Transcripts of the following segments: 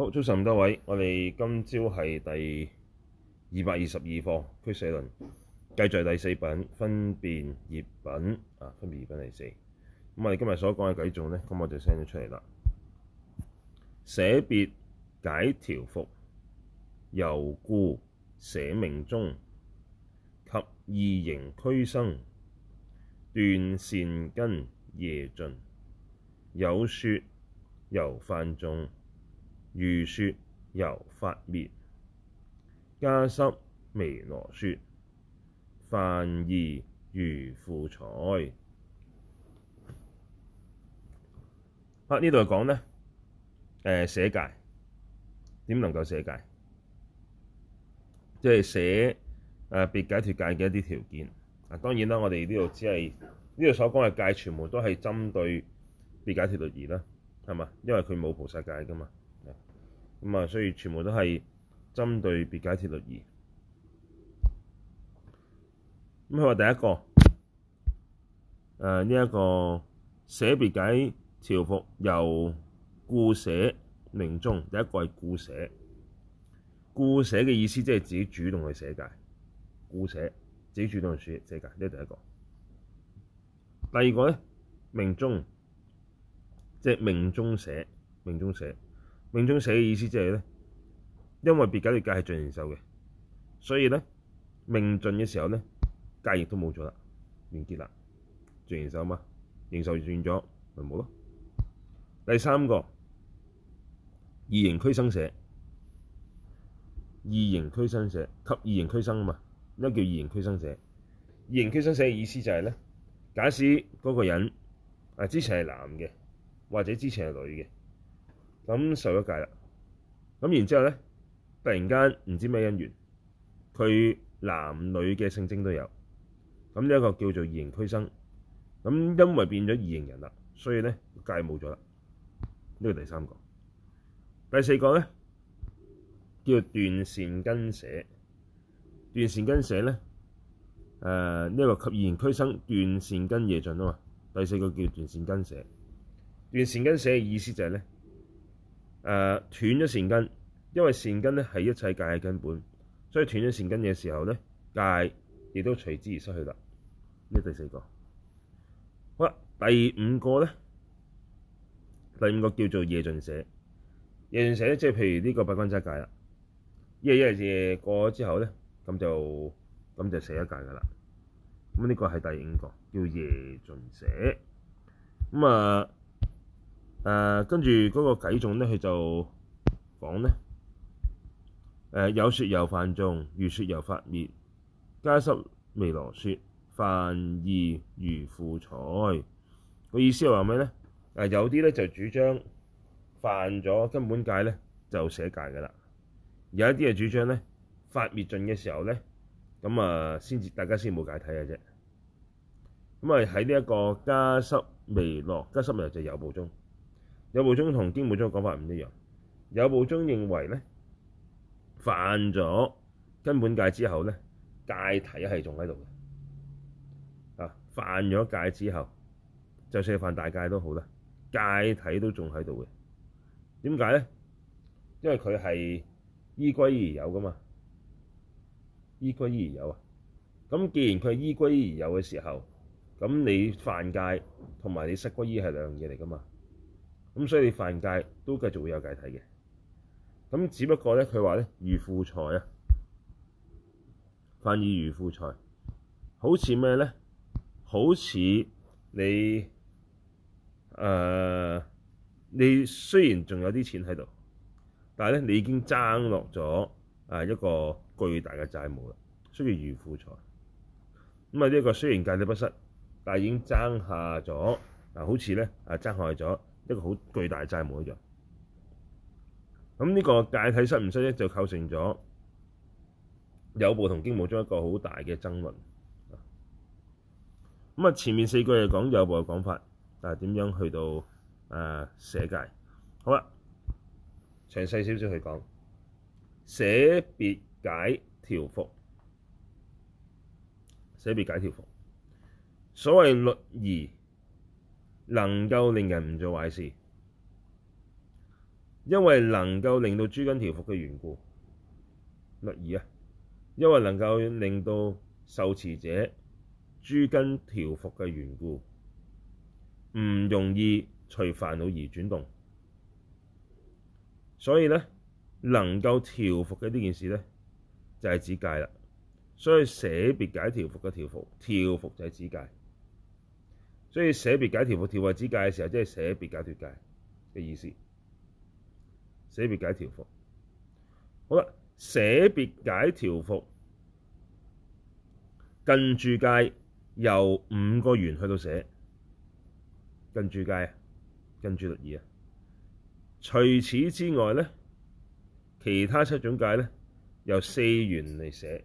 好，早晨多位，我哋今朝係第二百二十二課，俱舍論，繼續第四品，分別業品，啊，分別業品第四。咁我哋今日所講嘅偈眾咧，咁我就 send 咗出嚟啦。捨別解調伏，由故捨命終，及二形俱生，斷善根夜盡，有說由犯重。餘說由法滅，迦濕彌羅說，犯二如負財。啊，這裡呢度講呢誒，呃怎就是、捨戒點能夠捨戒？即係捨誒，別解脫戒嘅一啲條件啊。當然啦，我哋呢度只係呢度所講嘅戒，的全部都係針對別解脫律儀啦，係嘛？因為佢冇菩薩戒噶嘛。咁啊、嗯，所以全部都係針對別解脫律儀。咁佢話第一個，誒呢一個捨別解調伏由故捨命終，第一個係故捨。故捨嘅意思即係自己主動去捨戒，故捨自己主動去捨戒，呢個第一個。第二個咧，命終，即係命終捨，命終捨。命中捨嘅意思即係咧，因為別解脫嘅戒係盡形壽嘅，所以咧命盡嘅時候咧戒亦都冇咗啦，完結啦，盡形壽嘛，形壽完咗咪冇咯。第三個二形俱生捨，二形俱生捨及二形俱生啊嘛，咩叫二形俱生捨？二形俱生捨嘅意思就係、是、咧，假使嗰個人啊之前係男嘅，或者之前係女嘅。咁受咗戒啦，咁然之後咧，突然間唔知咩因緣，佢男女嘅性徵都有，咁呢一個叫做二形俱生，咁因為變咗二形人啦，所以咧戒冇咗啦，呢個第三個，第四個咧叫斷善根捨，斷善根捨咧，誒呢一個及二形俱生斷善根夜盡啊嘛，第四個叫斷善根捨，斷善根捨嘅意思就係咧。誒、啊、斷咗善根，因為善根咧係一切戒嘅根本，所以斷咗善根嘅時候咧，戒亦都隨之而失去啦。呢第四個，好啦，第五個咧，第五個叫做夜盡捨，夜盡捨即係譬如呢個八關齋戒啦，一日一夜過咗之後咧，咁就咁就捨一戒噶啦。咁呢個係第五個，叫夜盡捨。咁啊～誒，跟住嗰個偈頌咧，佢就講咧，誒，有説由犯重，餘説由法滅。迦濕彌羅說，犯二如負財。個意思係話咩咧？有啲咧就主張犯咗根本戒咧就捨戒㗎啦，有一啲係主張咧，法滅盡嘅時候咧咁啊，先至大家先冇戒體嘅啫。咁啊，喺呢一個迦濕彌羅，迦濕彌羅就有部宗。有部宗同經部宗嘅講法唔一樣。有部宗認為咧，犯咗根本戒之後咧，戒體係係仲喺度嘅。啊，犯咗戒之後，就算犯大戒都好啦，戒體都仲喺度嘅。點解咧？因為佢係依歸而有噶嘛，依歸依而有啊。咁既然佢依歸而有嘅時候，咁你犯戒同埋你失歸依係兩樣嘢嚟噶嘛？咁所以你犯戒都繼續會有戒體嘅。咁只不過咧，佢話咧，如負財啊，犯二如負財，好似咩咧？好似你誒、呃，你雖然仲有啲錢喺度，但係咧，你已經爭落咗誒一個巨大嘅債務啦。所以如負財咁啊，呢一個雖然戒體不失，但係已經爭下咗嗱，好似咧啊，爭害咗。一個好巨大嘅債務一樣，咁呢個戒體失唔失咧，就構成咗有部同經部中一個好大嘅爭論。咁啊，前面四句嚟講有部嘅講法，但啊點樣去到啊、呃、捨戒好了？好啦，詳細少少去講，捨別解調伏，捨別解調伏，所謂律儀。能夠令人唔做壞事，因為能夠令到諸根調伏嘅緣故。乜義啊？因為能夠令到受持者諸根調伏嘅緣故，唔容易隨煩惱而轉動。所以咧，能夠調伏嘅呢件事咧，就係、是、指戒啦。所以捨別解調伏嘅調伏，調伏就係指戒。所以捨別解調伏，調伏之戒嘅時候，即係捨別解脫戒嘅意思捨別。捨別解調伏，好啦，捨別解調伏，近住戒由五個緣去到捨，近住戒啊，近住律儀啊。除此之外咧，其他七種戒咧，由四緣嚟捨，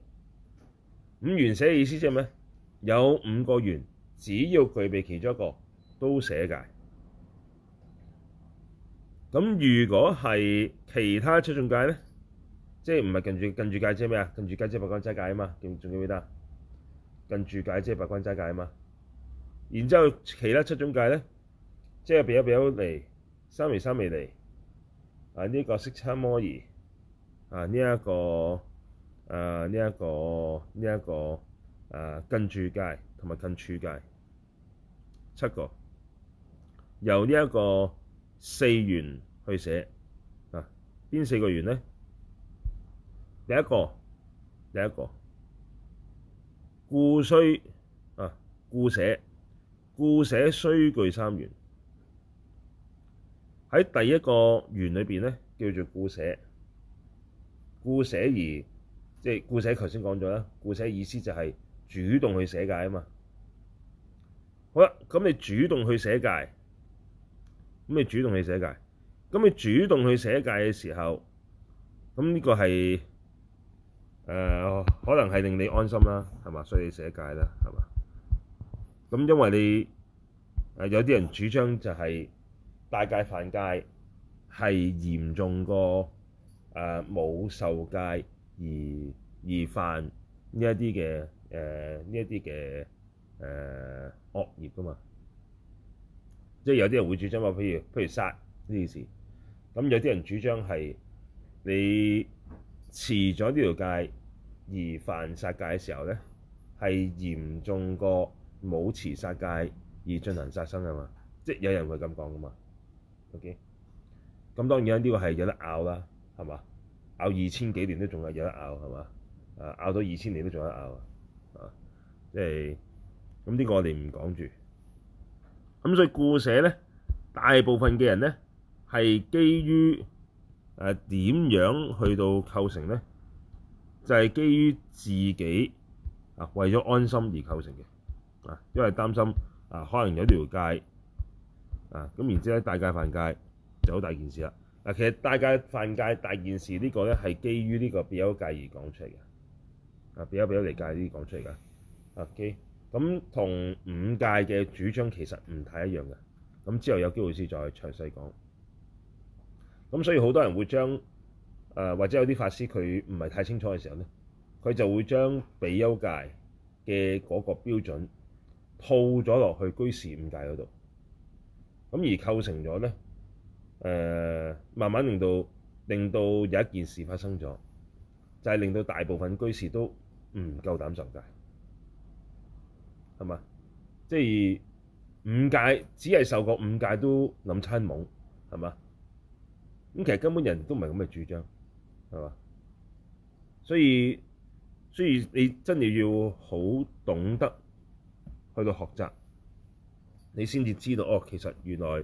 五緣捨嘅意思即係咩？有五個緣。只要具備其中一個都捨戒。咁如果係其他出眾戒咧，即係唔係近住，近住戒即係咩啊？近住戒即係八關齋戒啊嘛，仲記唔記得啊？近住戒即係八關齋戒啊嘛，然之後其他出眾戒咧，即係比丘比丘尼三微三微尼，啊，呢、呢個色差摩兒啊，呢一個誒呢一個呢一個。啊這個啊這個這個誒近住戒同埋近住戒，七個由呢一個四緣去捨啊？邊四個緣咧？第一個，第一個，故捨啊，故捨，故捨須具三緣。喺第一個緣裏邊咧，叫做故捨，故捨而即係故捨。頭先講咗啦，故捨意思就係、是。主動去捨戒啊嘛，好啦，咁你主動去捨戒，咁你主動去捨戒，咁你主動去捨戒嘅時候，咁呢個係誒、呃、可能係令你安心啦，係嘛？所以你捨戒啦，係嘛？咁因為你有啲人主張就係大戒犯戒，係嚴重過誒冇受戒而而犯呢一啲嘅。誒呢一啲嘅誒惡業噶嘛，即係有啲人會主張話，譬如譬如殺呢件事，咁有啲人主張係你持咗呢條戒，而犯殺戒嘅時候咧，係嚴重過冇持殺戒而進行殺生嘅嘛。即係有人會咁講噶嘛。OK，咁當然啦，呢個係有得拗啦，係嘛？拗二千幾年都仲係有得拗，係嘛？誒，拗到二千年都仲有得拗。啊，即係咁，呢個我哋唔講住，咁所以故捨咧，大部分嘅人咧係基於誒點樣去到構成咧，就係、是、基於自己啊為咗安心而構成嘅，啊因為擔心啊可能有條戒啊，咁然之後大戒犯戒就好大件事啦，嗱、啊、其實大戒犯戒大件事呢個咧係基於呢個比丘戒而講出嚟嘅。啊，比丘比丘尼戒呢啲講出嚟㗎，啊，OK，咁同五戒嘅主張其實唔太一樣嘅，咁之後有機會先再詳細講。咁所以好多人會將，誒、呃、或者有啲法師佢唔係太清楚嘅時候咧，佢就會將比丘戒嘅嗰個標準套咗落去居士五戒嗰度，咁而構成咗咧，誒、呃、慢慢令到令到有一件事發生咗，就係、是、令到大部分居士都唔夠膽上界，係嘛？即係五戒，只係受過五戒都諗親懵，係嘛？咁其實根本人都唔係咁嘅主張，係嘛？所以，所以你真係要好懂得去到學習，你先至知道哦。其實原來，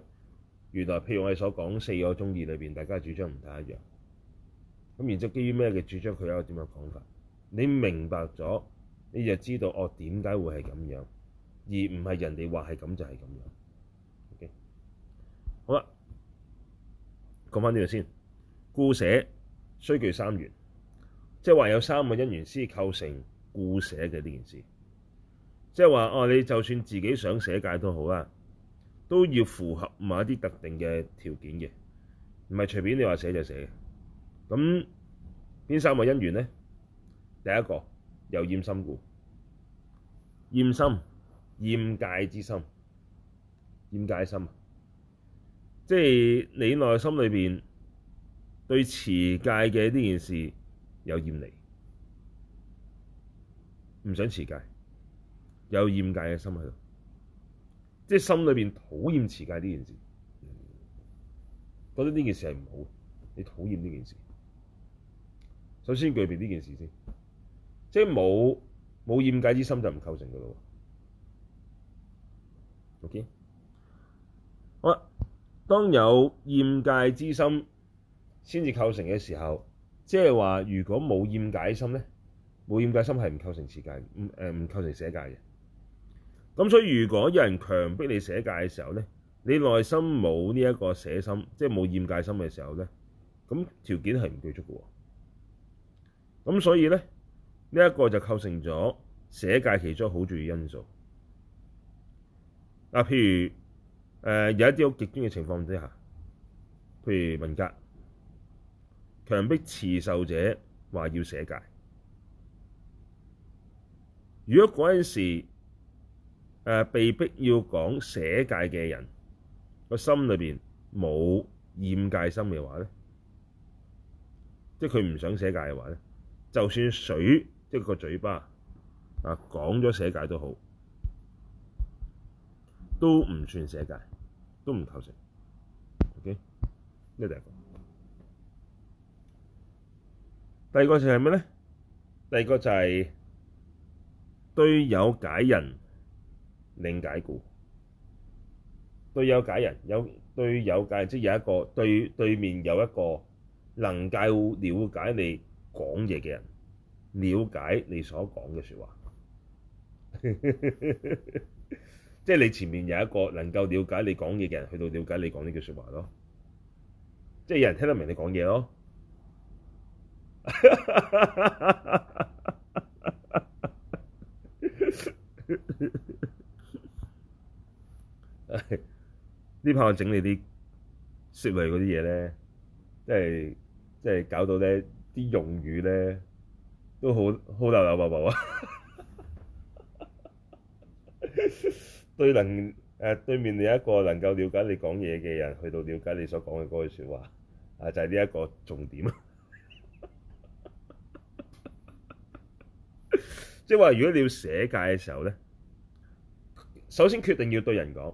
原來譬如我哋所講四個中意裏邊，大家主張唔太一樣。咁然之後基於咩嘅主張，佢有一個點樣嘅講法？你明白咗，你就知道哦，點解會係咁樣，而唔係人哋話係咁就係咁樣。Okay? 好啦，講返呢度先。故捨須具三緣，即係話有三個因緣先構成故捨嘅呢件事。即係話哦，你就算自己想捨戒都好啦，都要符合某一啲特定嘅條件嘅，唔係隨便你話捨就捨嘅。咁邊三個因緣咧？第一個，由厭心故，厭心、厭戒之心、厭戒心，即係你內心裏邊對持戒嘅呢件事有厭離，唔想持戒，有厭戒嘅心喺度，即係心裏邊討厭持戒呢件事，覺得呢件事係唔好，你討厭呢件事，首先具備呢件事先。即係冇冇厭戒之心就唔構成噶咯喎，OK？好啦，當有厭戒之心先至構成嘅時候，即係話如果冇厭戒心咧，冇厭戒心係唔構成捨戒，唔誒唔構成捨戒嘅。咁所以如果有人強迫你捨戒嘅時候咧，你內心冇呢一個捨心，即係冇厭戒心嘅時候咧，咁條件係唔具足嘅喎。咁所以咧。呢一個就構成咗捨戒其中好重要的因素。嗱，譬如誒有一啲好極端嘅情況之下，譬如文革強迫持受者話要捨戒。如果嗰陣時被逼要講捨戒嘅人個心裏邊冇厭戒心嘅話咧，即係佢唔想捨戒嘅話咧，就算水。即係個嘴巴啊，講咗捨戒都好，都唔算捨戒，都唔構成，OK，呢個第一個。第二個就係咩咧？第二個就係對有解人領解故。對有解人，有對有解即係，就是、有一個對對面有一個能夠了解你講嘢嘅人。了解你所講嘅說話， 即係你前面有一個能夠了解你講嘢嘅人，去到了解你講呢句說話咯。即係有人聽得明你講嘢咯。呢排我整你啲說類嗰啲嘢咧，即係即係搞到咧啲用語咧。都好好扭扭巴巴啊。對能，誒，對面另一個能夠瞭解你講嘢嘅人，去到了解你所講嘅嗰句説話，啊就係呢一個重點。即係話，如果你要捨戒嘅時候咧，首先決定要對人講。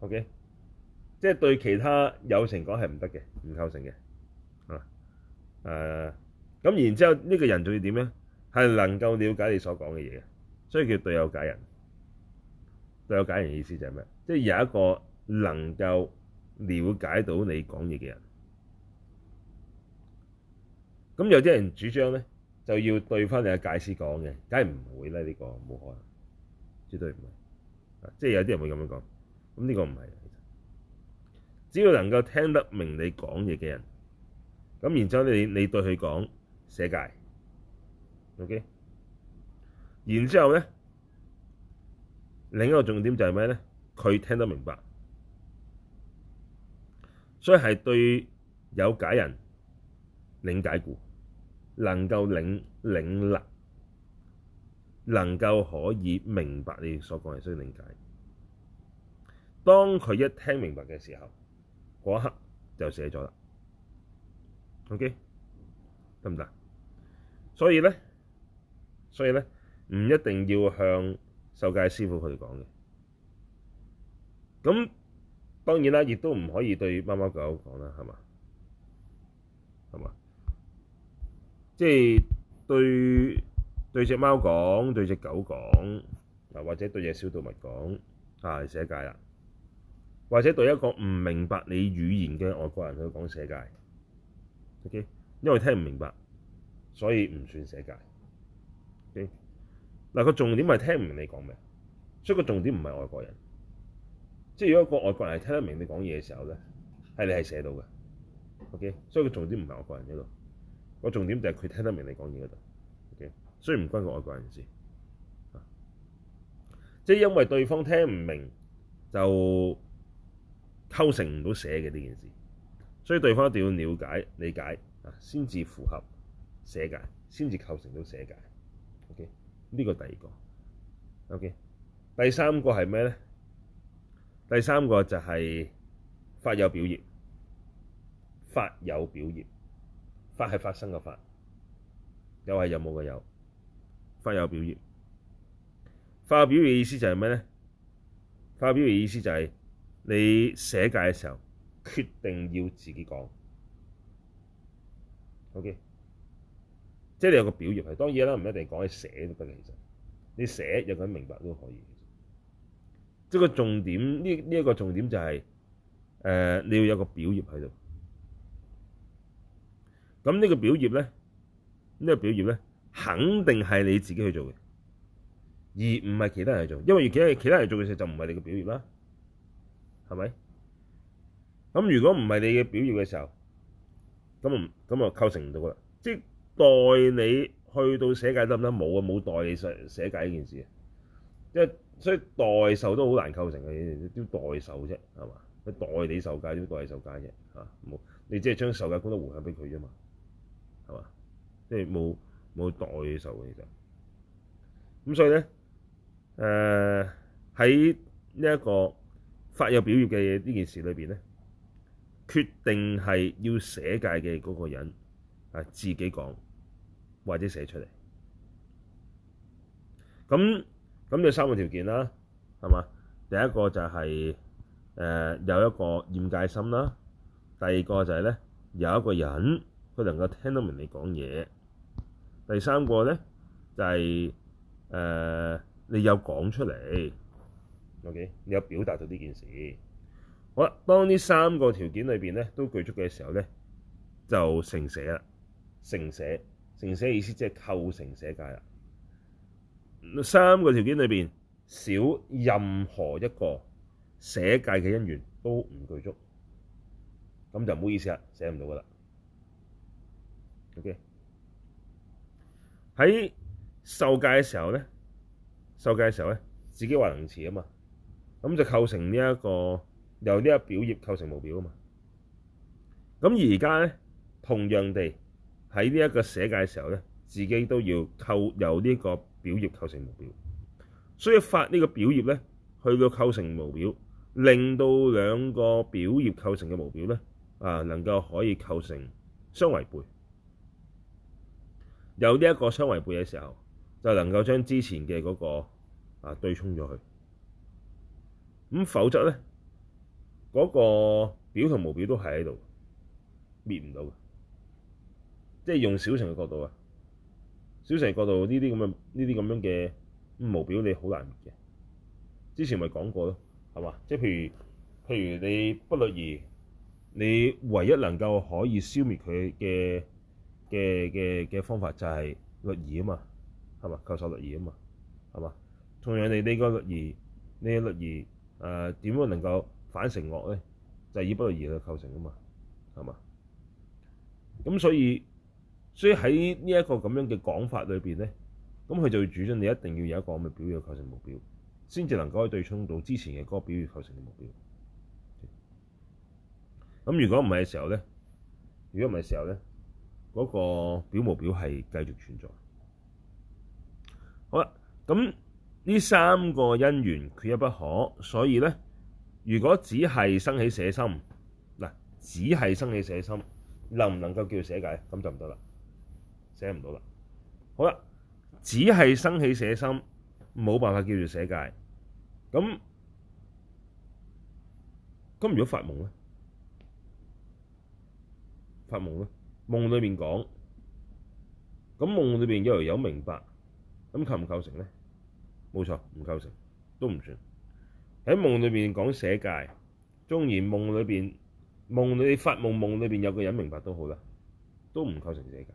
O.K.，即係對其他有情講係唔得嘅，唔構成嘅。啊誒。咁然之後呢個人仲要點咧？係能夠了解你所講嘅嘢，所以叫對有解人。對有解人意思就係咩？即係有一個能夠了解到你講嘢嘅人。咁有啲人主張咧，就要對翻你嘅戒師講嘅，梗係唔會啦！呢個冇可能，絕對唔係。即係有啲人會咁樣講，咁呢個唔係。只要能夠聽得明你講嘢嘅人，咁然之後你你對佢講。捨戒，OK，然之後呢，另一個重點就係咩呢？佢聽得明白，所以係對有解人，領解故，能夠領領力，能夠可以明白你所講的需要理解。當佢一聽明白嘅時候，嗰一刻就捨咗 OK，得唔得？Okay? 行不行所以咧，所以咧，唔一定要向受戒師傅佢哋講嘅。咁當然啦，亦都唔可以對貓貓狗講啦，係嘛？係嘛？即係對對隻貓講，對隻狗講，啊或者對隻小動物講啊，捨戒啦，或者對一個唔明白你語言嘅外國人去講捨戒，O.K.，因為聽唔明白。所以唔算捨戒。嗱、okay？個重點係聽唔明你講咩，所以個重點唔係外國人。即係如果個外國人係聽得明你講嘢嘅時候咧，係你係捨到嘅。O、okay？K，所以個重點唔係外國人呢個。個重點就係佢聽得明你講嘢嗰度。O、okay？K，所以唔關個外國人事。啊、即係因為對方聽唔明，就構成唔到捨嘅呢件事。所以對方一定要了解、理解啊，先至符合。捨戒先至構成到捨戒，OK？呢個第二個，OK？第三個係咩咧？第三個就係發有表業，發有表業，發係發生嘅發，又係有冇嘅有，有，有，發有表業。發表業嘅意，意思就係咩咧？發表業嘅意思就係你捨戒嘅時候，決定要自己講，OK？即係你有個表業係，當然啦，唔一定講喺寫都得，其實你寫有佢明白都可以。即係個重點，呢呢一個重點就係、是、誒、呃、你要有一個表業喺度。咁呢個表業咧，呢、呢個表業咧，肯定係你自己去做嘅，而唔係其他人去做。因為而其他其他人做嘅時候就唔係你嘅表業啦，係咪？咁如果唔係你嘅表業嘅時候，咁唔咁啊構成唔到啦，即代你去到捨戒得唔得？冇啊，冇代上捨戒呢件事，即係所以代捨都好難構成嘅，都代捨啫，係嘛？代，理受戒代理受戒，啊，你受戒都代受戒啫，嚇冇，你即係將受戒功德回向俾佢啫嘛，係嘛？即係冇冇代捨嘅，其實咁所以咧，誒喺呢一個發有表業嘅呢件事裏邊咧，決定係要捨戒嘅嗰個人係自己講。或者寫出嚟咁咁，有三個條件啦，係嘛？第一個就係誒有一個厭戒心啦，第二個就係咧有一個人佢能夠聽得明你講嘢，第三個咧就係誒你有講出嚟。OK，你有表達到呢件事。好啦，當呢三個條件裏面咧都具足嘅時候咧，就成捨啦，成捨。成捨意思即係構成捨戒啦。三個條件裏邊少任何一個，捨戒嘅因緣都唔具足，咁就唔好意思啦，捨唔到噶啦。OK。喺受戒嘅時候咧，受戒嘅時候咧，自己話能持啊嘛，咁就構成呢、這、一個由呢一表業構成無表啊嘛。咁而家咧，同樣地。喺呢一個捨戒嘅時候咧，自己都要構由呢個表業構成無表，所以發呢個表業咧去到構成無表，令到兩個表業構成嘅無表咧啊能夠可以構成相違背，有呢一個相違背嘅時候，就能夠將之前嘅嗰、那個啊對沖咗去，咁否則咧嗰、那個表同無表都喺喺度，滅唔到嘅。即係用小乘嘅角度啊，小乘角度呢啲咁嘅呢啲咁樣嘅無表，你好難滅嘅。之前咪講過咯，係嘛？即係譬如譬如你不律儀，你唯一能夠可以消滅佢嘅嘅嘅嘅方法就係律儀啊嘛，係嘛？構造律儀啊嘛，係嘛？同樣你呢個律儀呢、呢個、律儀，誒點樣能夠反成惡咧？就係、以不律儀去構成啊嘛，係嘛？咁所以。所以喺呢一個咁樣嘅講法裏邊咧，咁佢就會主張你一定要有一個咁嘅表業構成目標，先至能夠可以對沖到之前嘅嗰個表業構成嘅目標。咁如果唔係嘅時候咧，如果唔係嘅時候咧，嗰、那個表無表係繼續存在。好啦，咁呢三個因緣缺一不可，所以咧，如果只係生起捨心，嗱，只係生起捨心，能唔能夠叫做捨戒？咁就唔得啦。捨唔到啦。好啦，只係生起捨心，冇辦法叫做捨戒。咁咁，如果發夢咧，發夢咧，夢裏面講，咁夢裏面有冇人明白？咁構唔構成咧？冇錯，唔構成，都唔算喺夢裏面講捨戒。縱然夢裏邊夢裏發夢，夢裏邊有個人明白都好啦，都唔構成捨戒。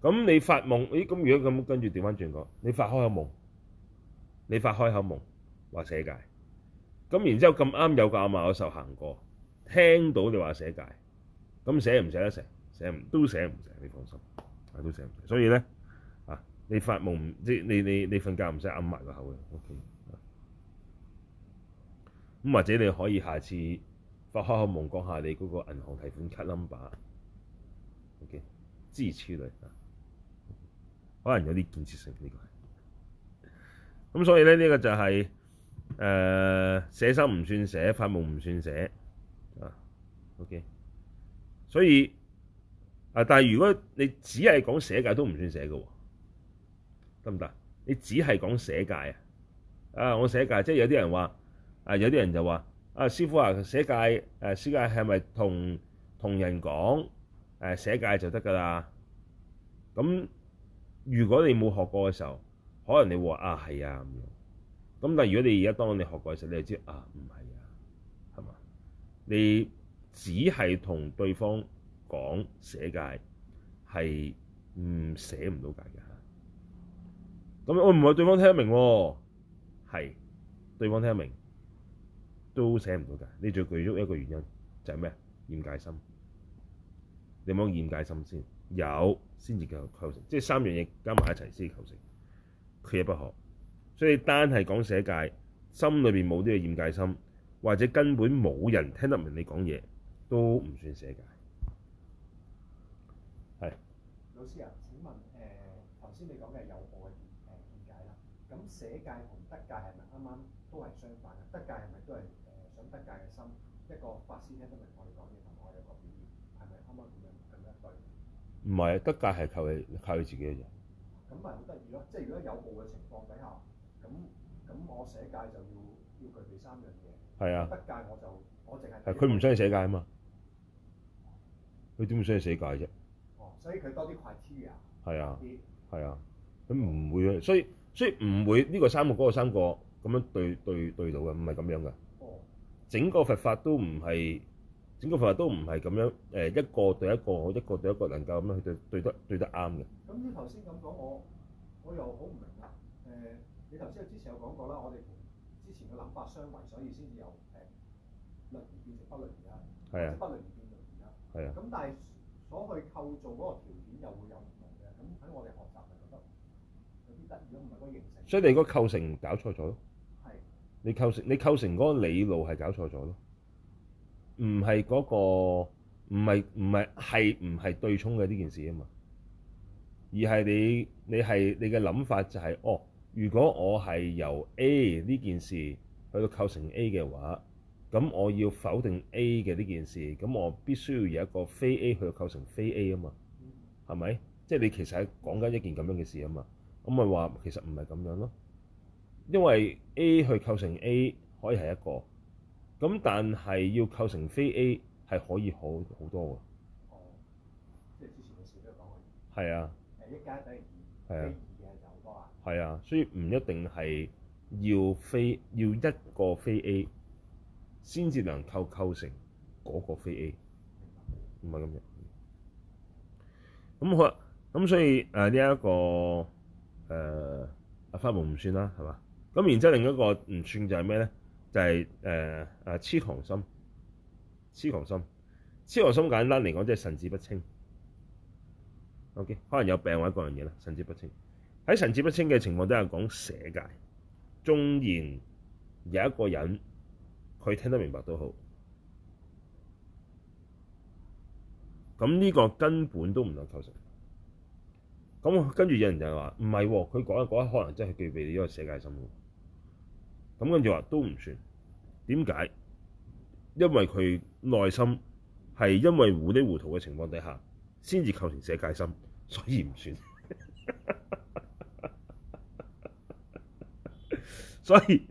咁、okay. 你發夢，咦？咁如果咁，跟住調翻轉講，你發開口夢，你發開口夢話捨戒。咁然之後咁啱有個阿嫲個壽行過，聽到你話捨戒。咁捨唔捨得成？捨唔都捨唔成，你放心，啊、都捨唔成。所以咧啊，你發夢即係你你你瞓覺唔使掩埋個口嘅，O.K. 咁或者你可以下次發開口夢講下你嗰個銀行提款 card number。O.K. 支持你啊，可能有啲建設性呢個，咁所以咧呢、這個就係、是、誒、呃、捨心唔算捨，發夢唔算捨啊。O.K. 所以啊，但係如果你只係講捨戒都唔算捨嘅喎，得唔得？你只係講捨戒啊？啊，我捨戒，即係有啲人話啊，有啲人就話啊，師傅啊，捨戒誒，捨、啊、戒係咪同同人講？誒，捨戒就得㗎啦。咁如果你冇學過嘅時候，可能你話啊係啊，咁樣。咁但如果你而家當你學過嘅時候，你就知啊，唔係啊，係嘛、啊？你只係同對方講捨戒係唔捨唔到戒㗎。咁我唔係對方聽得明喎、啊，係對方聽得明都捨唔到戒。你最具足一個原因就係、是、咩？厭戒心。你冇厭戒心先有，先至夠構成，即係三樣嘢加埋一齊先至構成，缺一不可。所以單係講捨戒，心裏邊冇呢個厭戒心，或者根本冇人聽得明你講嘢，都唔算捨戒。係。老師啊，請問誒頭先你講嘅有我嘅誒厭戒啦，咁捨戒同得戒係咪啱啱都係相反？得戒係咪都係誒想得戒嘅心，一個法師聽得明？唔係，得戒係靠佢靠佢自己嘅啫。咁咪好得意咯！即係如果有惡嘅情況底下，咁咁我捨戒就要要具備三樣嘢。係啊，得戒我就我淨係。係佢唔想要捨戒啊嘛？佢點會想要捨戒啫？哦，所以佢多啲怪痴啊！係啊，係啊，佢唔會，所以所以唔會呢個三個嗰個三個咁樣對對對到嘅，唔係咁樣嘅。哦，整個佛法都唔係。整個法都唔係咁樣，誒一個對一個，一個對一個能夠咁樣去對對得對得啱嘅。咁你頭先咁講，我我又好唔明啊。誒，你頭先有之前有講過啦，我哋之前嘅諗法相違，所以先至有誒律儀變不律儀家，即不律儀變律儀。係啊。咁但係所去構造嗰個條件又會有唔同嘅，咁喺我哋學習係覺得有啲得意，如果唔係嗰個形成。所以你個構成搞錯咗。係。你構成你構成嗰個理路係搞錯咗咯。唔係嗰個，唔係唔係係唔係對沖嘅呢件事啊嘛，而係你你係你嘅諗法就係、是、哦，如果我係由 A 呢件事去到構成 A 嘅話，咁我要否定 A 嘅呢件事，咁我必須要有一個非 A 去到構成非 A 啊嘛，係咪、嗯？即、就、係、是、你其實係講緊一件咁樣嘅事啊嘛，咁咪話其實唔係咁樣咯，因為 A 去構成 A 可以係一個。咁但係要構成非 A 係可以好好多㗎，哦，即係之前嘅事都講係，係啊，誒一間等於二，係啊，所以唔一定係要非要一個非 A 先至能夠構成嗰個非 A，唔係咁樣。咁好啦，咁所以誒呢一個誒阿發夢唔算啦，係嘛？咁然之後另一個唔算就係咩咧？就係誒誒痴狂心，痴狂心，痴狂心簡單嚟講，即係神志不清。OK，可能有病或者各樣嘢啦，神志不清。喺神志不清嘅情況之下，講捨戒，縱然有一個人，佢聽得明白都好。咁呢個根本都唔能構成。咁跟住有人就話：唔係喎，佢講一講可能真係具備呢個捨戒心。咁跟住話，都唔算，點解？因為佢內心係因為糊裏糊塗嘅情況底下，先至構成捨戒心，所以唔算。 所以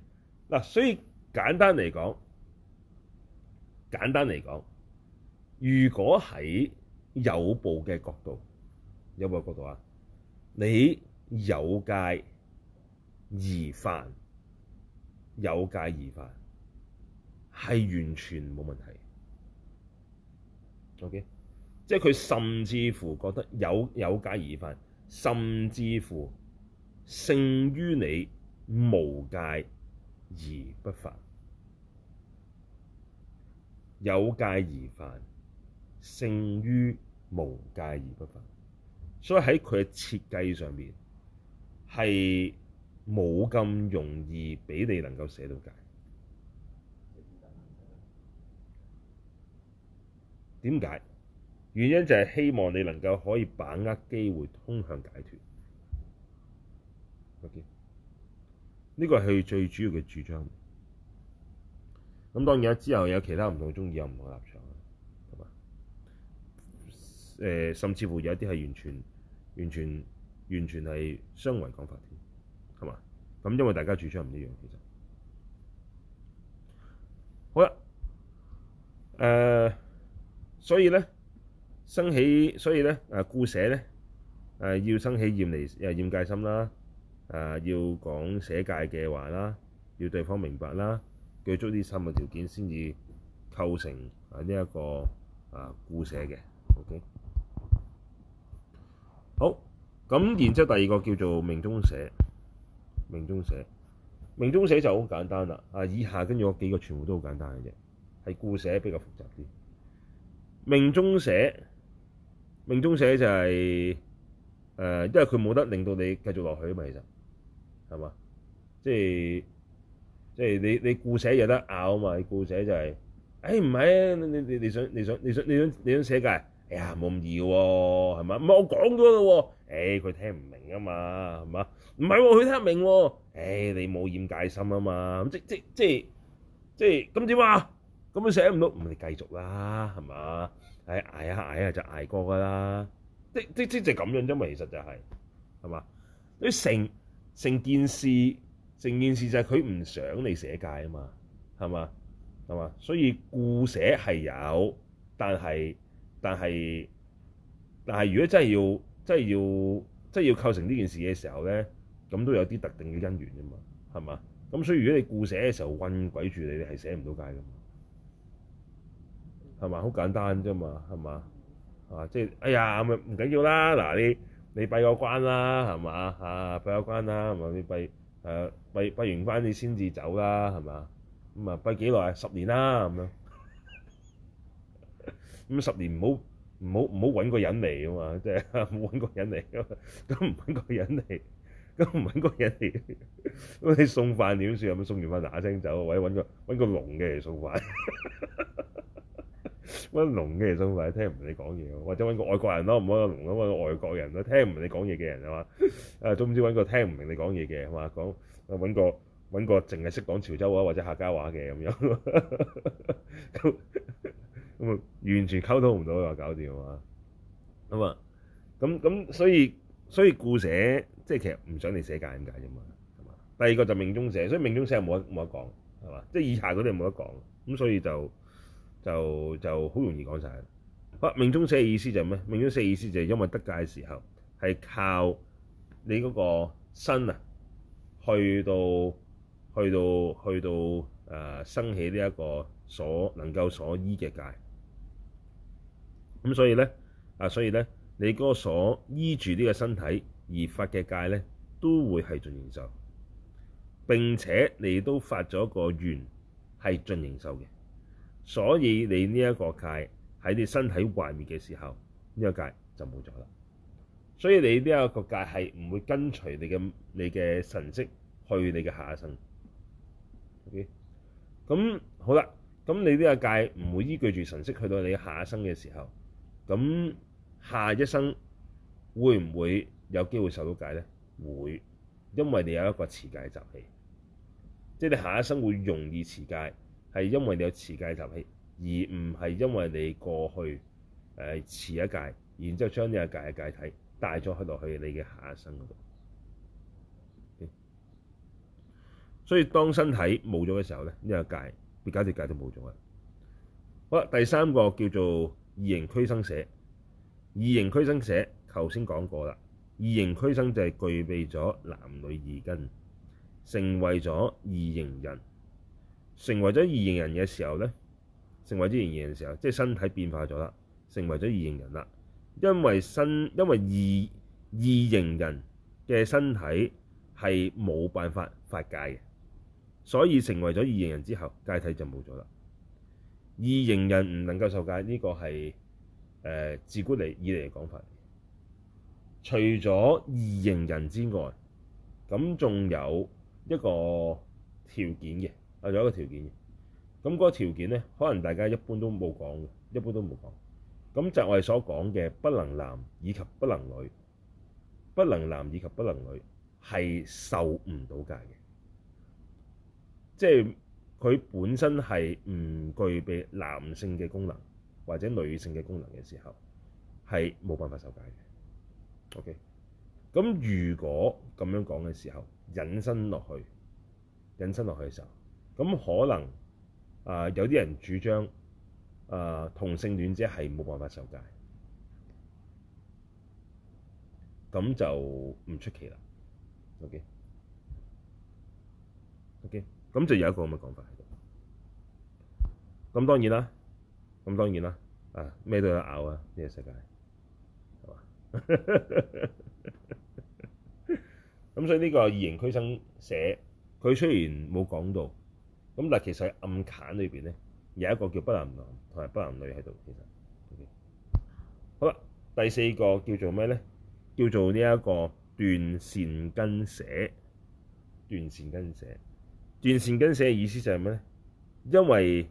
嗱，所以簡單嚟講，簡單嚟講，如果喺有部嘅角度，有部嘅角度啊，你有戒而犯。有戒而犯，係完全冇問題的。OK，即係佢甚至乎覺得有有戒而犯，甚至乎勝於你無戒而不犯。有戒而犯，勝於無戒而不犯。所以喺佢嘅設計上面，係。冇咁容易俾你能夠捨到戒，點解？原因就係希望你能夠可以把握機會，通向解脫。OK，呢個係最主要嘅主張。咁當然之後有其他唔同中意，有唔同立場係嘛？誒，甚至乎有一啲係完全、完全、完全係雙維講法。咁因為大家主張唔一樣，其實好啦，誒，所以咧生起，所以咧誒故捨咧誒要生起厭離誒厭戒心啦，誒要講捨戒嘅話啦，要對方明白啦，具足呢三個條件先至構成啊呢一個啊故捨嘅，好唔好？好，咁然之後第二個叫做命終捨。命終捨，命終捨就好簡單啦。啊，以下跟住嗰幾個全部都好簡單嘅啫，係故捨比較複雜啲。命終捨，命終捨就係誒，因為佢冇得令到你繼續落去啊嘛，其實係嘛，即係即係你你故捨有得拗啊嘛，故捨就係，誒唔係啊，你你你想你想你想你想你想捨嘅，哎呀冇咁易喎，係嘛？唔係我講咗嘅喎，誒佢聽唔明啊嘛，係嘛？唔係喎，佢聽得明喎，哎。你冇厭戒心啊嘛？即即即即咁點啊？咁寫唔到，唔你繼續啦，係嘛？誒，捱下捱下就捱過㗎啦。即即即就咁樣啫嘛，其實就係係嘛？你成成件事，成件事就係佢唔想你寫戒啊嘛，係嘛係嘛？所以故寫係有，但係但係但係，如果真係要真係要真係要構成呢件事嘅時候咧。咁都有啲特定嘅因緣啫嘛，係嘛？咁所以如果你故寫嘅時候困鬼住你，你係寫唔到街噶嘛，係嘛？好簡單啫嘛，係嘛？啊，即係哎呀，唔緊要啦。嗱，你你閉個關啦，係嘛？啊，閉個關啦，係嘛？你閉誒、啊、閉,閉完關你先至走啦，係嘛？咁啊閉幾耐？十年啦咁樣。咁十 年唔好唔好唔好揾個人嚟啊嘛，即係冇揾個人嚟，咁唔揾個人嚟。咁唔揾個人嚟，咁你送飯點算？有冇送完飯嗱聲走？或者揾個揾龍嘅嚟送飯，揾 龍嘅嚟送飯，聽唔明你講嘢。或者揾個外國人咯，唔好揾個龍咯，揾個外國人咯，聽唔明你講嘢嘅人啊嘛。誒，總之揾個聽唔明你講嘢嘅，話講，揾個揾個淨係識講潮州話或者客家話嘅咁樣，咁 啊完全溝通唔到又搞掂啊！咁咁咁所以。所以故捨即係其實唔想你捨戒咁解啫嘛，係嘛？第二個就是命終捨，所以命終捨冇得冇得講，係嘛？即係以下嗰啲冇得講，咁所以就就就好容易講晒啦。不命終捨嘅意思就係咩？命終捨嘅意思就係因為得戒嘅時候係靠你嗰個身啊，去到去到去到誒生起呢一個所能夠所依嘅戒，咁所以咧啊，所以咧。你嗰個所依住呢個身體而發嘅戒咧，都會係盡形壽。並且你都發咗一個願係盡形壽嘅，所以你呢一個戒喺你身體外面嘅時候，呢個戒就冇咗啦。所以你呢一個戒係唔會跟隨你嘅你嘅神識去你嘅下一生。O K，咁好啦，咁你呢個戒唔會依據住神識去到你的下一生嘅時候，咁。下一生會唔會有機會受到戒咧？會，因為你有一個持戒嘅習氣，即係你下一生會容易持戒，係因為你有持戒嘅習氣，而唔係因為你過去誒持、呃、一戒，然之後將呢一戒嘅戒體帶咗去落去你嘅下一生嗰度。Okay? 所以當身體冇咗嘅時候咧，呢一戒你搞掂，隻戒都冇咗啦。好啦，第三個叫做二形俱生捨。二形俱生捨，頭先講過啦。二形俱生就係具備咗男女二根，成為咗二形人。成為咗二形人嘅時候呢，成為咗二形人嘅時候，即係身體變化咗啦，成為咗二形人啦。因為身因為二二形人嘅身體係冇辦法發戒嘅，所以成為咗二形人之後，戒體就冇咗啦。二形人唔能夠受戒，呢個係。自古嚟以嚟嘅講法，除咗二形人之外，咁仲有一個條件嘅啊，仲有一個條件嘅。咁、那、嗰個條件咧，可能大家一般都冇講嘅，一般都冇講。咁就係我哋所講嘅不能男以及不能女，不能男以及不能女係受唔到戒嘅，即係佢本身係唔具備男性嘅功能。或者女性嘅功能嘅時候，係冇辦法受戒嘅。OK，咁如果咁樣講嘅時候，引申落去，引申落去嘅時候，咁可能啊、呃、有啲人主張啊、呃、同性戀者係冇辦法受戒，咁就唔出奇啦。OK，OK，Okay? Okay? 咁就有一個咁嘅講法喺度。咁當然啦。咁當然啦，啊，咩都有拗啊，呢個世界，係嘛？咁 所以呢個二形俱生捨，佢雖然冇講到，咁但係其實暗含裏邊咧，有一個叫不男男同埋不男女喺度先啦。OK? 好啦，第四個叫做咩咧？叫做呢一個斷善根捨。斷善根捨，斷善根捨嘅意思就係咩咧？因為誒。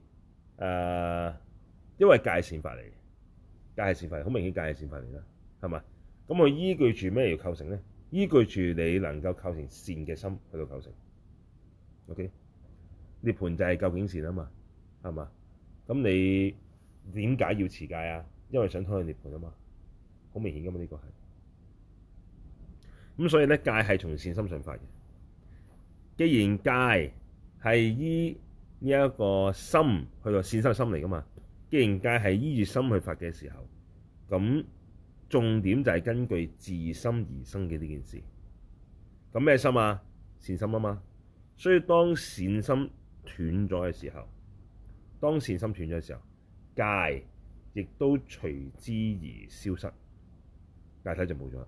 呃因為戒善法嚟嘅，戒係善法，好明顯戒係善法嚟啦，係嘛？咁我依據住咩嚟構成咧？依據住你能夠構成善嘅心去到構成。O K. 涅槃就係究竟善啊嘛，係嘛？咁你點解要持戒啊？因為想拖去涅槃啊嘛，好明顯噶嘛，呢個係咁，所以咧戒係從善心上發嘅。既然戒係依呢一個心去到善心心嚟噶嘛？既然戒係依住心去發嘅時候，咁重點就係根據自心而生嘅呢件事。咁咩心啊？善心啊嘛。所以當善心斷咗嘅時候，當善心斷咗嘅時候，戒亦都隨之而消失，戒體就冇咗。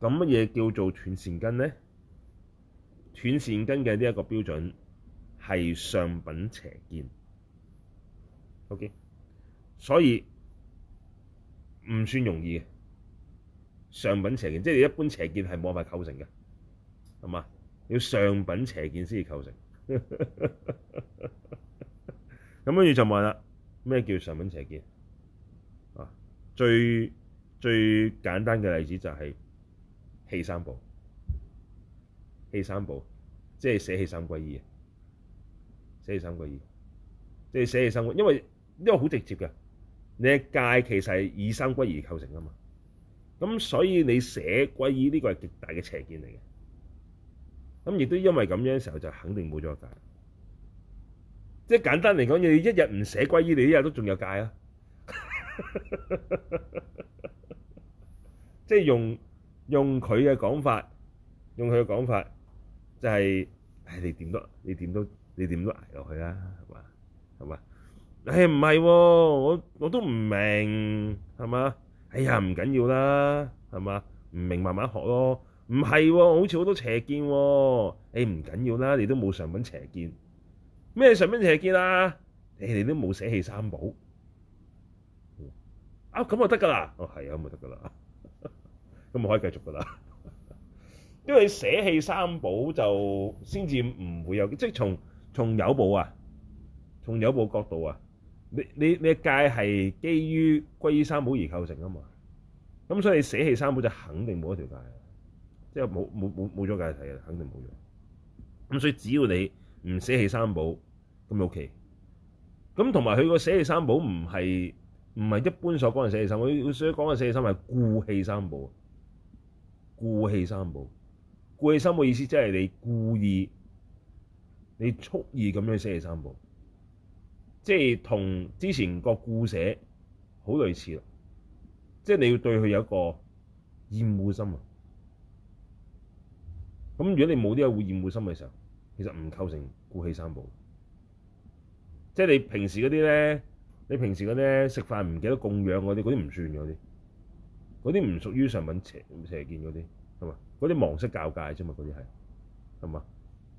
咁乜嘢叫做斷善根咧？斷善根嘅呢一個標準係上品邪見。OK，所以唔算容易嘅上品邪見，即、就、係、是、一般邪見係冇辦法構成嘅，係嘛？要上品邪見先至構成。咁跟住就問啦，咩叫上品邪見？啊，最最簡單嘅例子就係、是、棄三寶。棄三寶，即係捨棄三皈依。嘅，捨棄三皈依，即係捨棄三皈，因為呢個好直接嘅，你嘅戒其實係以三皈依而構成啊嘛，咁所以你捨皈依呢個係極大嘅邪見嚟嘅，咁亦都因為咁樣時候就肯定冇咗個戒。即係簡單嚟講，你一日唔捨皈依，你一日都仲有戒啊，即係用用佢嘅講法，用佢嘅講法就係，唉，你點都你點都你點都捱落去啊，係嘛，係嘛？誒唔係喎，我我都唔明係嘛？哎呀，唔緊要啦，係嘛？唔明慢慢學咯。唔係喎，我好似好多邪見喎、哦。誒唔緊要啦，你都冇上品邪見咩？上品邪見啊？誒、哎、你都冇捨棄三寶啊？咁就得噶啦。哦係啊，咁就得噶啦。咁 我可， 可以繼續噶啦， 因為捨棄三寶就先至唔會有，即、就、係、是、從從有部啊，從有部角度啊。你你你戒係基於歸依三寶而構成啊嘛，咁所以你捨棄三寶就肯定冇一條戒，即係冇冇冇冇咗戒體啊，肯定冇咗。咁所以只要你唔捨棄三寶，咁就 O K。咁同埋佢個捨棄三寶唔係唔係一般所講嘅捨棄三寶，所以講嘅捨棄三寶係故棄三寶，故棄三寶。故棄三寶意思即係你故意、你蓄意咁樣去捨棄三寶。即係同之前個故捨好類似啦，即係你要對佢有一個厭惡心啊。咁如果你冇啲嘅厭惡心嘅時候，其實唔構成故棄三皈。即係你平時嗰啲咧，你平時嗰啲咧食飯唔記得供養嗰啲，嗰啲唔算嗰啲，嗰啲唔屬於上品邪邪見嗰啲係嘛？嗰啲黃色教界啫嘛，嗰啲係係嘛？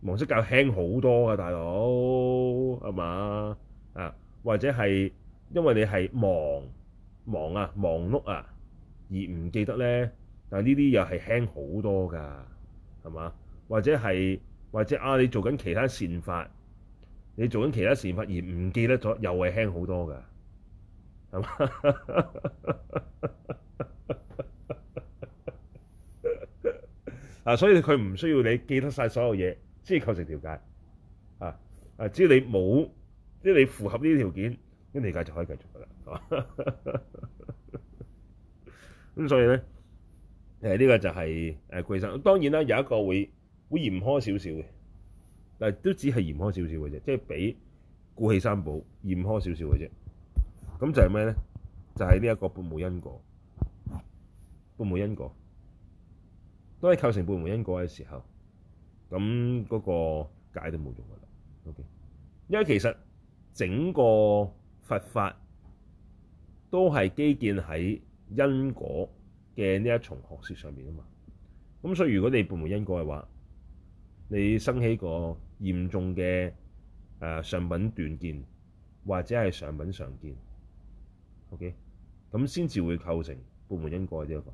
黃色教輕好多噶，大佬係嘛？啊，或者係因為你係忙忙啊、忙碌啊，而唔記得咧。但係呢啲又係輕好多噶，係嘛？或者係或者啊，你做緊其他善法，你做緊其他善法而唔記得咗，又係輕好多噶，係嘛？啊， 所以佢唔需要你記得晒所有嘢，先至構成條件啊啊，只要你冇。即係你符合呢啲條件，跟理解就可以繼續噶啦，咁 所以咧，誒呢、欸這個就係誒貴生。當然啦，有一個會會嚴苛少少嘅，但都只係嚴苛少少嘅啫，即係比故棄三寶嚴苛少少嘅啫。咁就係咩咧？就係呢一個撥無因果，撥無因果。當你構成撥無因果嘅時候，咁嗰個戒都冇用噶啦。O.K.，因為其實。整個佛法都係基建喺因果嘅呢一重學説上面啊嘛。咁所以如果你撥無因果嘅話，你生起個嚴重嘅誒、呃、上品斷見或者係上品常見，OK，咁先至會構成撥無因果呢一、這個。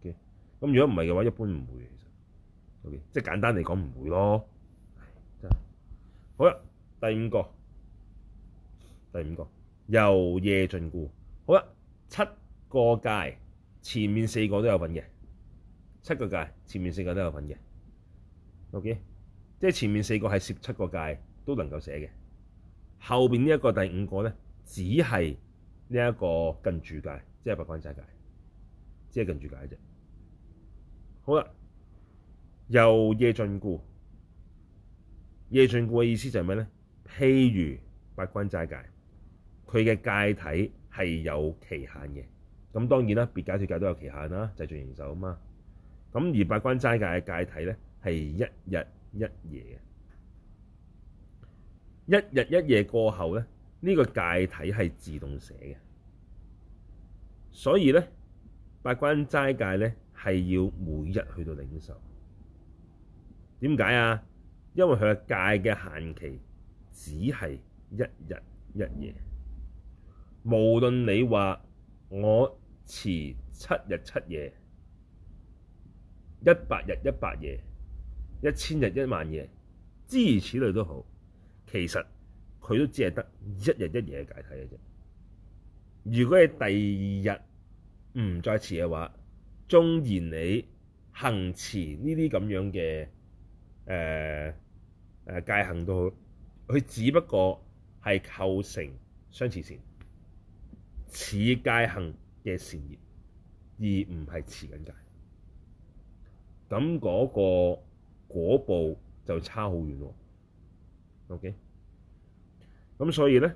OK，咁如果唔係嘅話，一般唔會其實。OK，即係簡單嚟講唔會咯。真係好啦，第五個。第五個，由夜盡故，好啦，七個戒，前面四個都有份嘅，七個戒，前面四個都有份嘅，OK，即係前面四個係攝七個戒都能夠捨嘅，後邊呢一個第五個咧，只係呢一個近住戒，即係八關齋戒，即係近住戒啫。好啦，由夜盡故，夜盡故嘅意思就係咩咧？譬如八關齋戒。佢嘅戒體係有期限嘅，咁當然啦，別解脫戒都有期限啦，盡形壽受啊嘛。咁而八關齋戒嘅戒體咧係一日一夜嘅，一日一夜過後咧，呢個戒體係自動捨嘅。所以咧，八關齋戒咧係要每日去到領受。點解啊？因為佢嘅戒嘅限期只係一日一夜。無論你話我持七日七夜、一百日一百夜、一千日一萬夜，諸如此類都好，其實佢都只係得一日一夜嘅戒體嘅啫。如果係第二日唔再持嘅話，縱然你行持呢啲咁樣嘅誒、呃啊、戒行都好，佢只不過係構成相持線。持戒行嘅善業，而唔係持緊戒，咁嗰、那個果報就差好遠。OK，咁所以咧，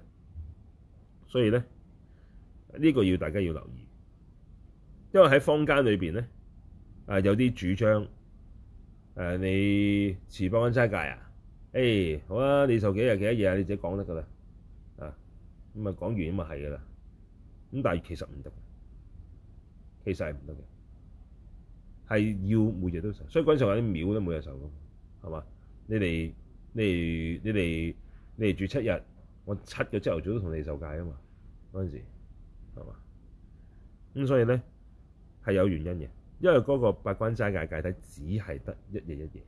所以咧呢、這個要大家要留意，因為喺坊間裏邊咧，啊有啲主張，誒、呃、你持八關齋戒啊，誒、hey, 好啊，你受幾日幾多嘢啊，你自己講得噶啦，啊咁啊講完咁啊係噶啦。咁但係其實唔得，其實係唔得嘅，係要每日都受，所以嗰陣時我啲廟都每日受嘅，係嘛？你哋你哋你哋你哋住七日，我七個朝頭早都同你哋受戒啊嘛，嗰陣時係嘛？咁所以咧係有原因嘅，因為嗰個八關齋戒戒體只係得一日一夜，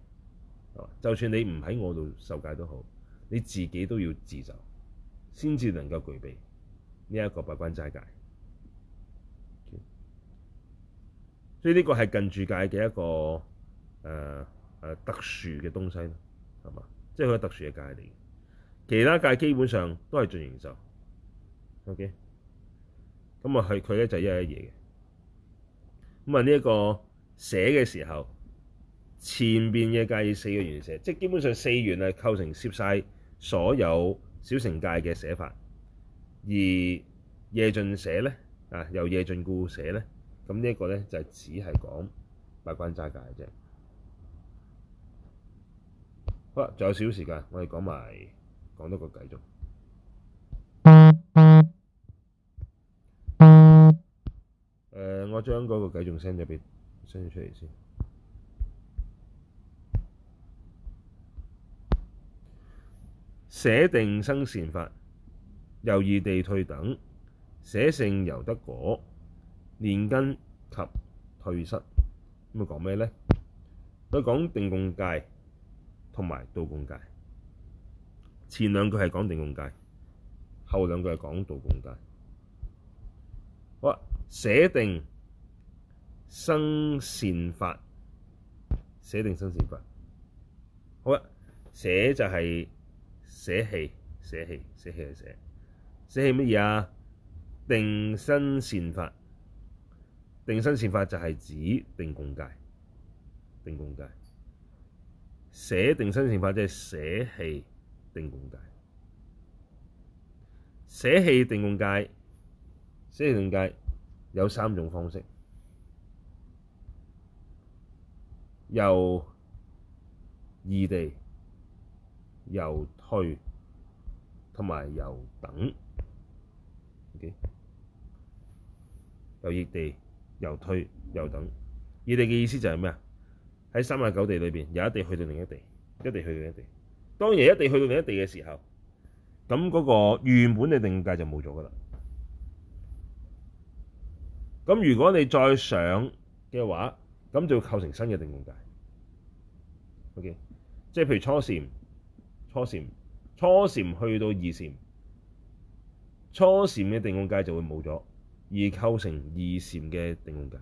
係嘛？就算你唔喺我度受戒都好，你自己都要自受，先至能夠具備。呢、okay? 一個八關齋戒，所以呢個係近住戒嘅一個誒誒特殊嘅東西咯，係嘛？即係佢係特殊嘅戒嚟，其他戒基本上都係盡形壽。OK，咁啊係佢咧就是、一係一嘢嘅。咁啊呢一個捨嘅時候，前邊嘅戒四個緣捨，即係基本上四緣係構成攝晒所有小乘戒嘅捨法。而夜盡捨咧啊，由夜盡故捨咧，咁呢一,一個咧就只係講八關齋戒嘅啫。好啦，仲有少少時間，我哋講埋講多個偈仲。誒，我將嗰個偈仲 send 咗畀，send 咗出嚟先。捨定生善法。由易地退等，捨聖由得果，練根及退失。咁啊講咩咧？佢講定共戒同埋道共戒。前兩句係講定共戒，後兩句係講道共戒。好啊，捨定生善法，捨定生善法。好啊，捨就係捨棄，捨棄，捨棄就捨。捨棄乜嘢啊？定生善法，定生善法就係指定共戒，定共戒。捨定生善法即係捨棄定共戒。捨棄定共戒。捨棄定戒，有三種方式，由異地、由退同埋由等。又易、okay? 地，又退又等。易地嘅意思就係咩啊？喺三廿九地裏邊，由一地去到另一地，一地去到另一地。當然，一地去到另一地嘅時候，咁嗰個原本嘅定界就冇咗噶啦。咁如果你再上嘅話，咁就要構成新嘅定界。O.K.，即係譬如初禪、初禪、初禪去到二禪。初禪嘅定共戒就會冇咗，而構成二禪嘅定共戒。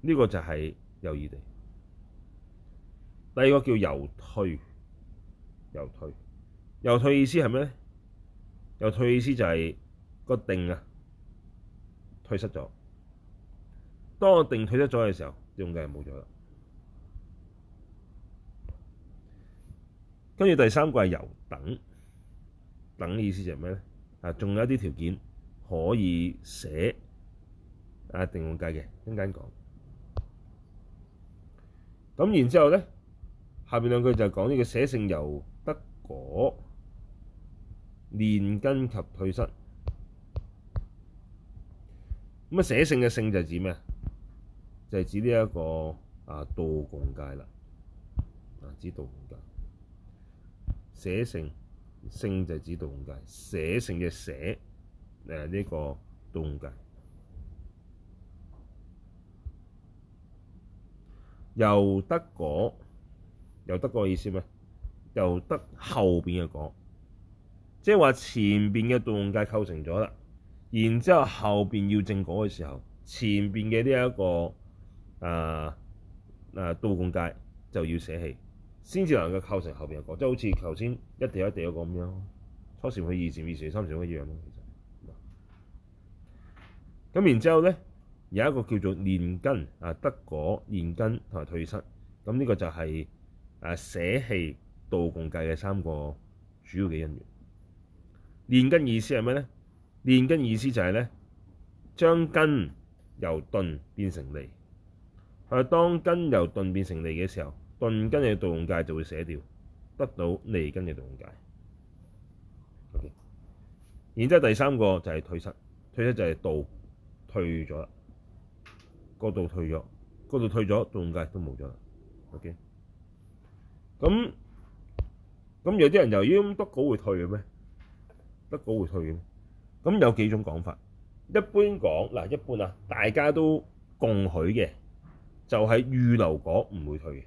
呢、okay? 個就係由易地。第二個叫由退，由退，由退意思係咩咧？由退意思就係個定啊，退失咗。當個定退失咗嘅時候，定共戒就冇咗啦。跟住第三個係由等。等意思就係咩咧？啊，仲有啲條件可以捨啊定共戒嘅，陣間講。咁然之後咧，下邊兩句就講呢個捨聖由得果，練根及退失。咁、就是這個、啊，啊捨聖嘅聖就係指咩？就係指呢一個啊道共戒啦，啊指道共戒捨聖。聖就指道共戒，捨聖嘅捨誒呢個道共戒，由得果，由得個意思咩？由得後面嘅果，即係話前邊嘅道共戒構成咗啦，然之後後邊要證果嘅時候，前面嘅呢一個誒誒、呃、道共界就要捨棄。先至能夠構成後邊一個，即係好似頭先一地一地個一個咁樣，初時同佢二時二時三時咁一樣咯。其實，咁然之後咧，有一個叫做練根啊、得果、練根同埋退失。咁呢個就係誒捨棄道共戒嘅三個主要嘅因緣。練根意思係咩咧？練根意思就係咧，將根由鈍變成利。係當根由鈍變成利嘅時候。鈍根嘅道共戒就會捨掉，得到利根嘅道共戒。O、OK? K，然之後第三個就係退失，退失就係道退咗啦。嗰道退咗，嗰道退咗，道共戒都冇咗啦。O K，咁咁有啲人由於得果會退嘅咩？得果會退嘅，咁有幾種講法。一般講嗱，一般啊，大家都共許嘅就係、是、預流果唔會退嘅。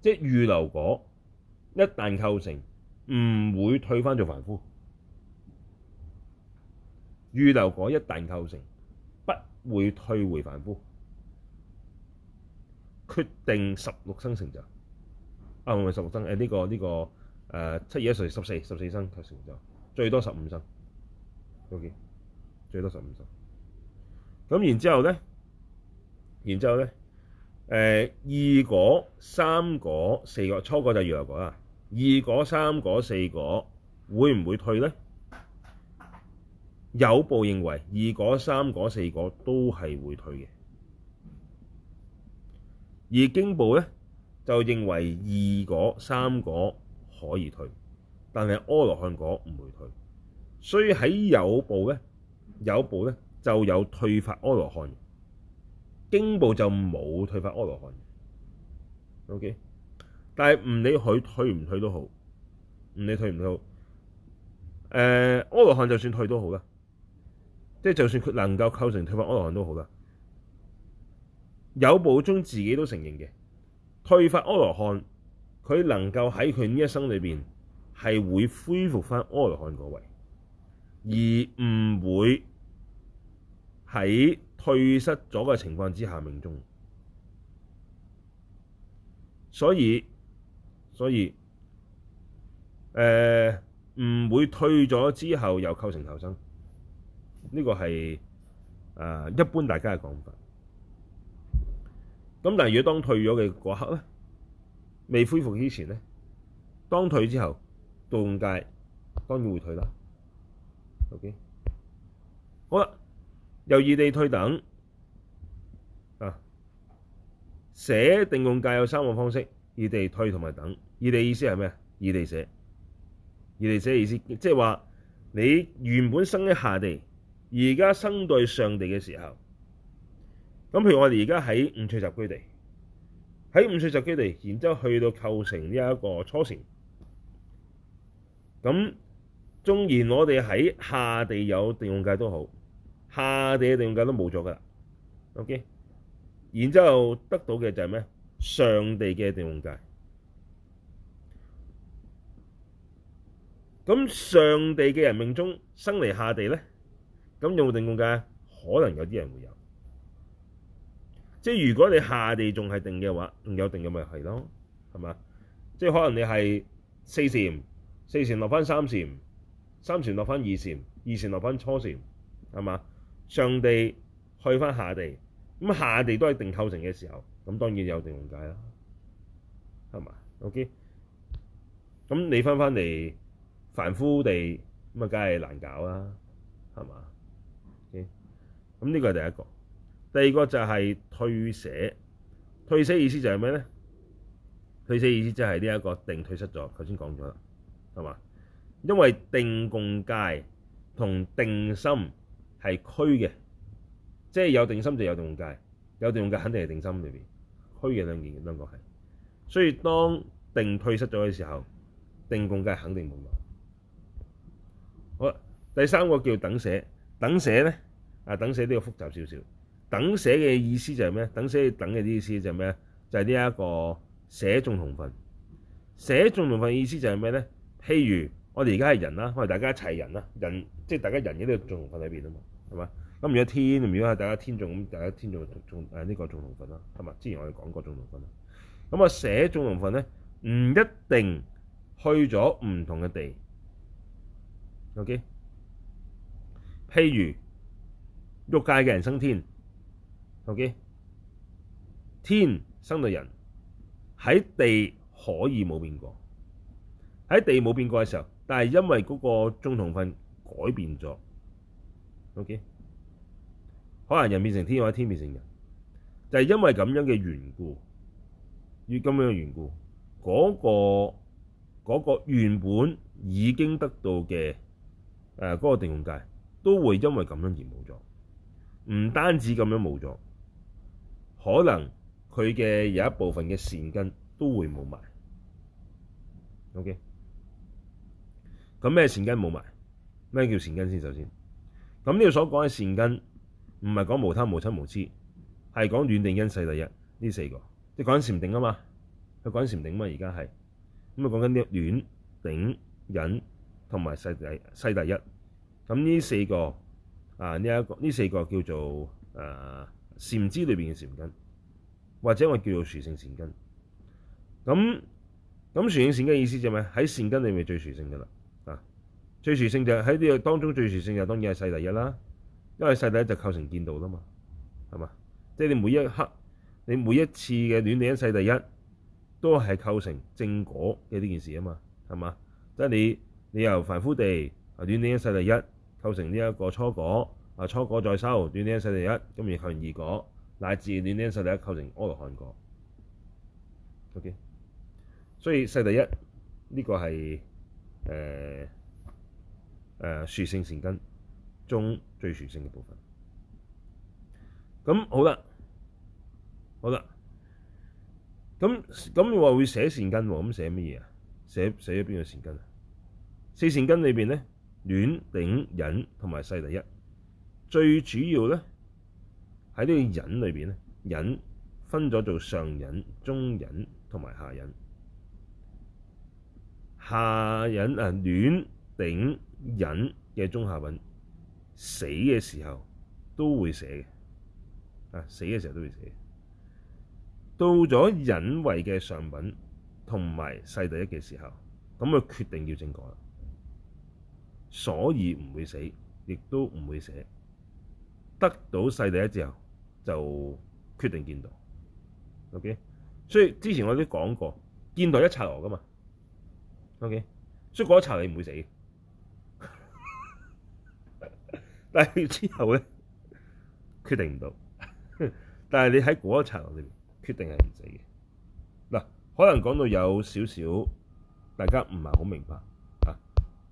即係預流果，一旦構成唔會退翻做凡夫。預流果一旦構成，不會退回凡夫。決定十六生成就。啊唔係十六生，誒、啊、呢、這個呢、這個誒、呃、七二一歲十四十四生成就，最多十五生。OK，最多十五生。咁然之後咧，然之後咧。誒、二果三果四果，初果就係預流果啦，二果三果四果會唔會退呢？有部認為二果三果四果都係會退嘅，而經部呢就認為二果三果可以退，但係阿羅漢果唔會退，所以喺有部呢，有部呢就有退法阿羅漢經部就冇退翻阿羅漢，OK。但係唔理佢退唔退都好，唔理退唔退，誒、呃、阿羅漢就算退都好啦，即係就算佢能夠構成退翻阿羅漢都好啦。有部中自己都承認嘅，退翻阿羅漢，佢能夠喺佢呢一生裏面係會恢復翻阿羅漢嗰位，而唔會喺退失咗嘅情況之下命終，所以所以誒、唔、呃、會退咗之後又構成投生，呢個係啊一般大家嘅講法。咁但係如果當退咗嘅嗰刻咧，未恢復之前咧，當退之後，道共戒當然會退啦，OK，好啦。由易地退等啊，捨定共戒有三個方式，易地、退同埋等。易地意思係咩？易地捨，易地捨意思即係話你原本生喺下地，而家生對上地嘅時候。咁譬如我哋而家喺五趣集居地，喺五趣集居地，然之後去到構成呢一個初成。咁縱然我哋喺下地有定共戒都好。下地嘅定共戒都冇咗噶 OK 然之後得到嘅就係咩？上地嘅定共戒。咁上地嘅人命終生嚟下地咧，咁有冇定共戒？可能有啲人會有，即係如果你下地仲係定嘅話，有定嘅咪係咯，係嘛？即係可能你係四禪，四禪落翻三禪，三禪落翻二禪，二禪落翻初禪，係嘛？上地去翻下地，咁下地都係定構成嘅時候，咁當然有定共戒啦，係嘛？OK，咁你翻翻嚟凡夫地，咁啊梗係難搞啦，係嘛？OK，咁呢個係第一個，第二個就係退捨，退捨意思就係咩咧？退捨意思就係呢一個定退失咗，頭先講咗啦，係嘛？因為定共戒同定心。係虛嘅，即係有定心就有定共戒。有定共戒肯定係定心裏邊，虛嘅兩件嘢兩個係，所以當定退失咗嘅時候，定共戒肯定冇啦。好啦，第三個叫等捨，等捨咧啊，等捨呢個複雜少少，等捨嘅意思就係咩？等捨等嘅意思就係咩？就係呢一個捨眾同分，捨眾同分嘅意思就係咩咧？譬如我哋而家係人啦，我哋大家一齊人啦，人即係、就是、大家人喺呢個眾同分裏邊啊嘛。係嘛？咁如果天，如果係大家天仲咁，大家天眾仲誒呢個眾同分啦，係嘛？之前我哋講過眾同分啦。咁啊，寫眾同分咧，唔一定去咗唔同嘅地。OK，譬如欲界嘅人生天，OK，天生到人喺地可以冇變過，喺地冇變過嘅時候，但係因為嗰個眾同分改變咗。O.K. 可能人變成天，或者天變成人，就係、是、因為咁樣嘅緣故，與咁樣嘅緣故，嗰、那個那個原本已經得到嘅誒嗰個定共戒，都會因為咁樣而冇咗。唔單止咁樣冇咗，可能佢嘅有一部分嘅善根都會冇埋。O.K. 咁咩善根冇埋？咩叫善根先？首先。咁呢度所講嘅善根，唔係講無貪無瞋無癡，係講暖頂忍世第一呢四個。即講緊禪定啊嘛，佢講緊禪定啊嘛，而家係咁啊講緊呢個暖頂忍同埋世第世第一。咁呢四個啊呢一個呢四個叫做誒善知裏面嘅善根，或者我叫做殊勝善根。咁咁殊勝善根嘅意思就係咩？喺善根裏面最殊勝噶啦。最殊勝就喺呢個當中最殊勝就當然係世第一啦，因為世第一就構成見道啦嘛，係嘛？即係你每一刻、你每一次嘅煖頂忍世第一，都係構成正果嘅呢件事啊嘛，係嘛？即係你你由凡夫地啊，煖頂忍世第一構成呢一個初果啊，初果再收煖頂忍世第一，咁而構成二果，乃至煖頂忍世第一構成阿羅漢果。O.K.，所以世第一呢個係誒。呃誒、啊、殊勝善根中最殊勝嘅部分，咁好啦，好啦，咁咁你話會捨善根喎，咁捨乜嘢啊？捨捨咗邊個善根啊？四善根裏邊咧，暖、頂、忍同埋世第一，最主要咧喺呢個忍裏邊咧，忍分咗做上忍、中忍同埋下忍，下忍啊暖、頂忍嘅中下品死嘅時候都會捨嘅，啊死嘅時候都會捨。到咗忍位嘅上品同埋世第一嘅時候，咁佢決定要正果啦，所以唔會死，亦都唔會捨。得到世第一之後就決定見到，OK？所以之前我都講過，見到一刹那㗎嘛，OK？所以嗰一刹那你唔會死。但係之後咧，決定唔到。但係你喺嗰一層裏邊決定係唔死嘅。嗱，可能講到有少少大家唔係好明白嚇、啊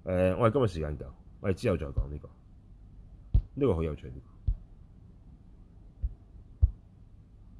呃。我哋今日時間夠，我哋之後再講呢、這個。呢、這個好有趣、這個